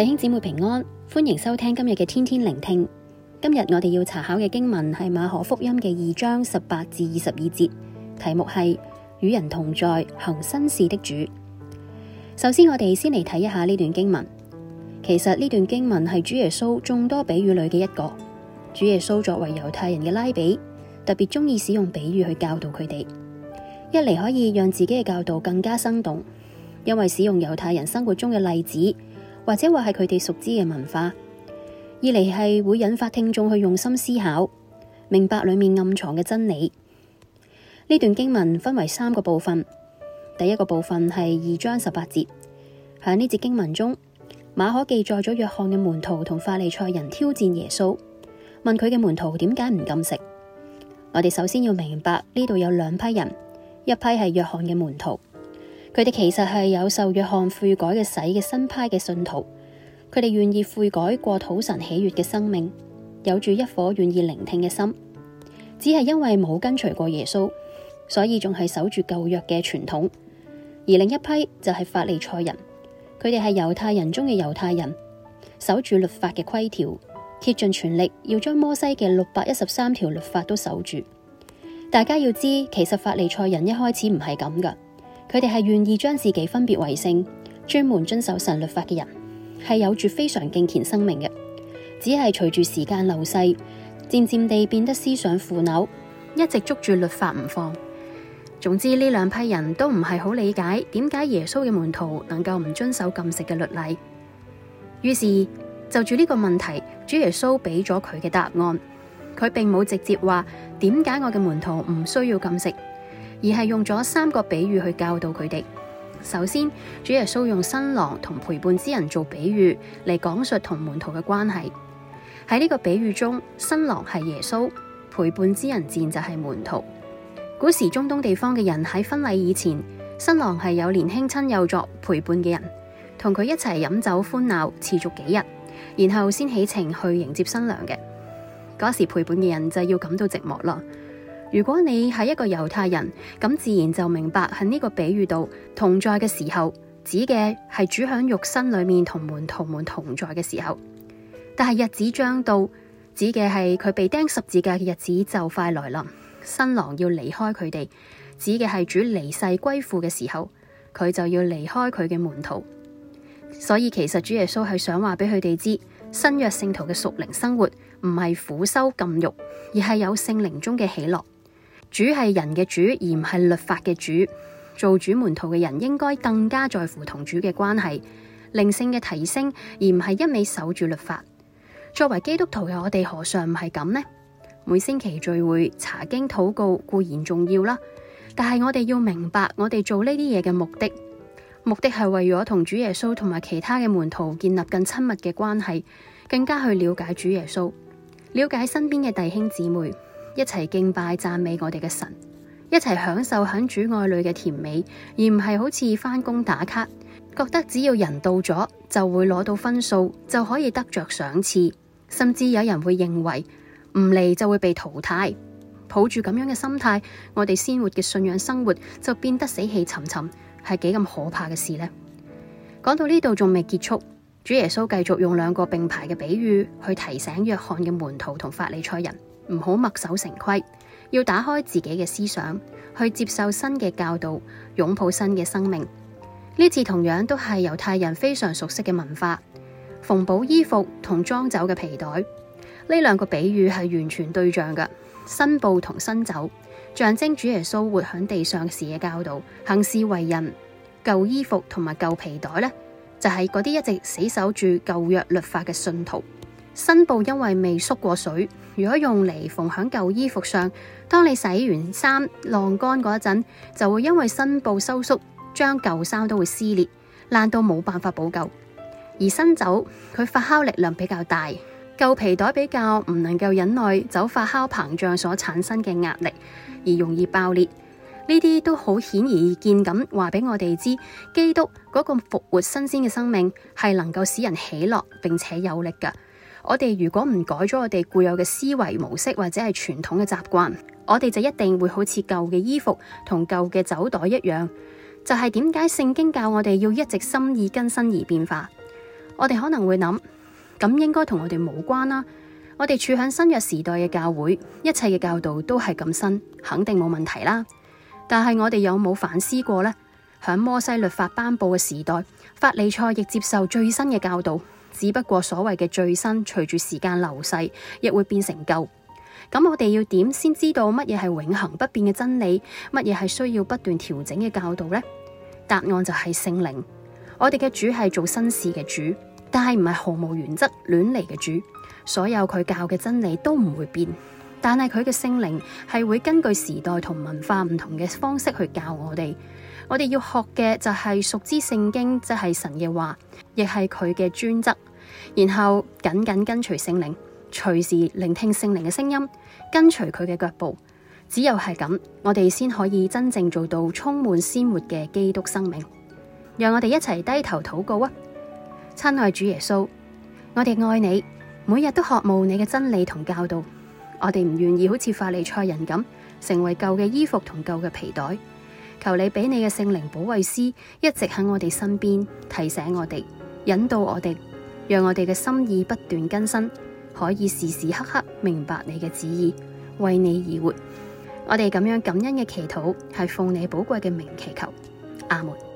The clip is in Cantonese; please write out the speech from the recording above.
弟兄姊妹平安，歡迎收聽今日嘅天天聆聽。今日我哋要查考嘅經文係馬可福音嘅二章十八至二十二節，題目係與人同在，行新事的主。首先，我哋先嚟睇一下呢段經文。其實呢段經文係主耶穌眾多比喻裏嘅一個。主耶穌作為猶太人嘅拉比，特別中意使用比喻去教導佢哋，一嚟可以讓自己嘅教導更加生動，因為使用猶太人生活中嘅例子。或者話係佢哋熟知嘅文化，二嚟係會引發聽眾去用心思考，明白裏面暗藏嘅真理。呢段經文分為三個部分，第一個部分係二章十八節。喺呢節經文中，馬可記載咗約翰嘅門徒同法利賽人挑戰耶穌，問佢嘅門徒點解唔禁食。我哋首先要明白，呢度有兩批人，一批係約翰嘅門徒。佢哋其實係有受約翰悔改嘅洗嘅新派嘅信徒，佢哋願意悔改過討神喜悅嘅生命，有住一顆願意聆聽嘅心，只係因為冇跟隨過耶穌，所以仲係守住舊約嘅傳統。而另一批就係法利賽人，佢哋係猶太人中嘅猶太人，守住律法嘅規條，竭盡全力要將摩西嘅六百一十三條律法都守住。大家要知，其實法利賽人一開始唔係咁噶。佢哋係願意將自己分別為聖，專門遵守神律法嘅人，係有住非常敬虔生命嘅，只係隨住時間流逝，漸漸地變得思想腐朽，一直捉住律法唔放。總之呢兩批人都唔係好理解點解耶穌嘅門徒能夠唔遵守禁食嘅律例。於是就住呢個問題，主耶穌俾咗佢嘅答案，佢並冇直接話點解我嘅門徒唔需要禁食。而係用咗三個比喻去教導佢哋。首先，主耶穌用新郎同陪伴之人做比喻嚟講述同門徒嘅關係。喺呢個比喻中，新郎係耶穌，陪伴之人自然就係門徒。古時中東地方嘅人喺婚禮以前，新郎係有年輕親友作陪伴嘅人，同佢一齊飲酒歡鬧，持續幾日，然後先起程去迎接新娘嘅。嗰時陪伴嘅人就要感到寂寞喇。如果你係一個猶太人，咁自然就明白喺呢個比喻度，同在嘅時候，指嘅係主響肉身裏面同門徒們同，同在嘅時候。但係日子將到，指嘅係佢被釘十字架嘅日子就快來臨。新郎要離開佢哋，指嘅係主離世歸父嘅時候，佢就要離開佢嘅門徒。所以其實主耶穌係想話俾佢哋知，新約聖徒嘅屬靈生活唔係苦修禁慾，而係有聖靈中嘅喜樂。主係人嘅主，而唔係律法嘅主。做主門徒嘅人應該更加在乎同主嘅關係、靈性嘅提升，而唔係一味守住律法。作為基督徒嘅我哋，何嘗唔係咁呢？每星期聚會、查經、禱告固然重要啦，但係我哋要明白我哋做呢啲嘢嘅目的，目的係為咗同主耶穌同埋其他嘅門徒建立更親密嘅關係，更加去了解主耶穌，了解身邊嘅弟兄姊妹。一齊敬拜讚美我哋嘅神，一齊享受響主愛裏嘅甜美，而唔係好似返工打卡，覺得只要人到咗就會攞到分數，就可以得着賞賜，甚至有人會認為，唔嚟就會被淘汰。抱住咁樣嘅心態，我哋鮮活嘅信仰生活就變得死氣沉沉，係幾咁可怕嘅事呢。講到呢度仲未結束，主耶穌繼續用兩個並排嘅比喻去提醒約翰嘅門徒同法利賽人。唔好墨守成規，要打開自己嘅思想，去接受新嘅教導，擁抱新嘅生命。呢次同樣都係猶太人非常熟悉嘅文化，縫補衣服同裝酒嘅皮袋。呢兩個比喻係完全對仗嘅，新布同新酒，象徵主耶穌活喺地上時嘅教導，行事為人。舊衣服同埋舊皮袋呢，就係嗰啲一直死守住舊約律法嘅信徒。新布因為未縮過水，如果用嚟縫響舊衣服上，當你洗完衫晾乾嗰陣，就會因為新布收縮，將舊衫都會撕裂，爛到冇辦法補救。而新酒，佢發酵力量比較大，舊皮袋比較唔能夠忍耐酒發酵膨脹所產生嘅壓力，而容易爆裂。呢啲都好顯而易見咁話俾我哋知，基督嗰個復活新鮮嘅生命係能夠使人喜樂，並且有力噶。我哋如果唔改咗我哋固有嘅思維模式或者係傳統嘅習慣，我哋就一定會好似舊嘅衣服同舊嘅酒袋一樣。就係點解聖經教我哋要一直心意更新而變化？我哋可能會諗，咁應該同我哋無關啦。我哋處響新約時代嘅教會，一切嘅教導都係咁新，肯定冇問題啦。但係我哋有冇反思過咧？響摩西律法頒布嘅時代，法利賽亦接受最新嘅教導。只不過所謂嘅最新，隨住時間流逝，亦會變成舊。咁我哋要點先知道乜嘢係永恆不變嘅真理，乜嘢係需要不斷調整嘅教導呢？答案就係聖靈。我哋嘅主係做新事嘅主，但係唔係毫無原則亂嚟嘅主。所有佢教嘅真理都唔會變，但係佢嘅聖靈係會根據時代同文化唔同嘅方式去教我哋。我哋要學嘅就係熟知聖經，即係神嘅話，亦係佢嘅專責，然後緊緊跟隨聖靈，隨時聆聽聖靈嘅聲音，跟隨佢嘅腳步。只有係咁，我哋先可以真正做到充滿鮮活嘅基督生命。讓我哋一齊低頭禱告啊！親愛主耶穌，我哋愛你，每日都渴慕你嘅真理同教導。我哋唔願意好似法利賽人咁，成為舊嘅衣服同舊嘅皮袋。求你俾你嘅聖靈保惠師一直喺我哋身邊，提醒我哋，引導我哋。讓我哋嘅心意不斷更新，可以時時刻刻明白你嘅旨意，為你而活。我哋咁樣感恩嘅祈禱，係奉你寶貴嘅名祈求，阿門。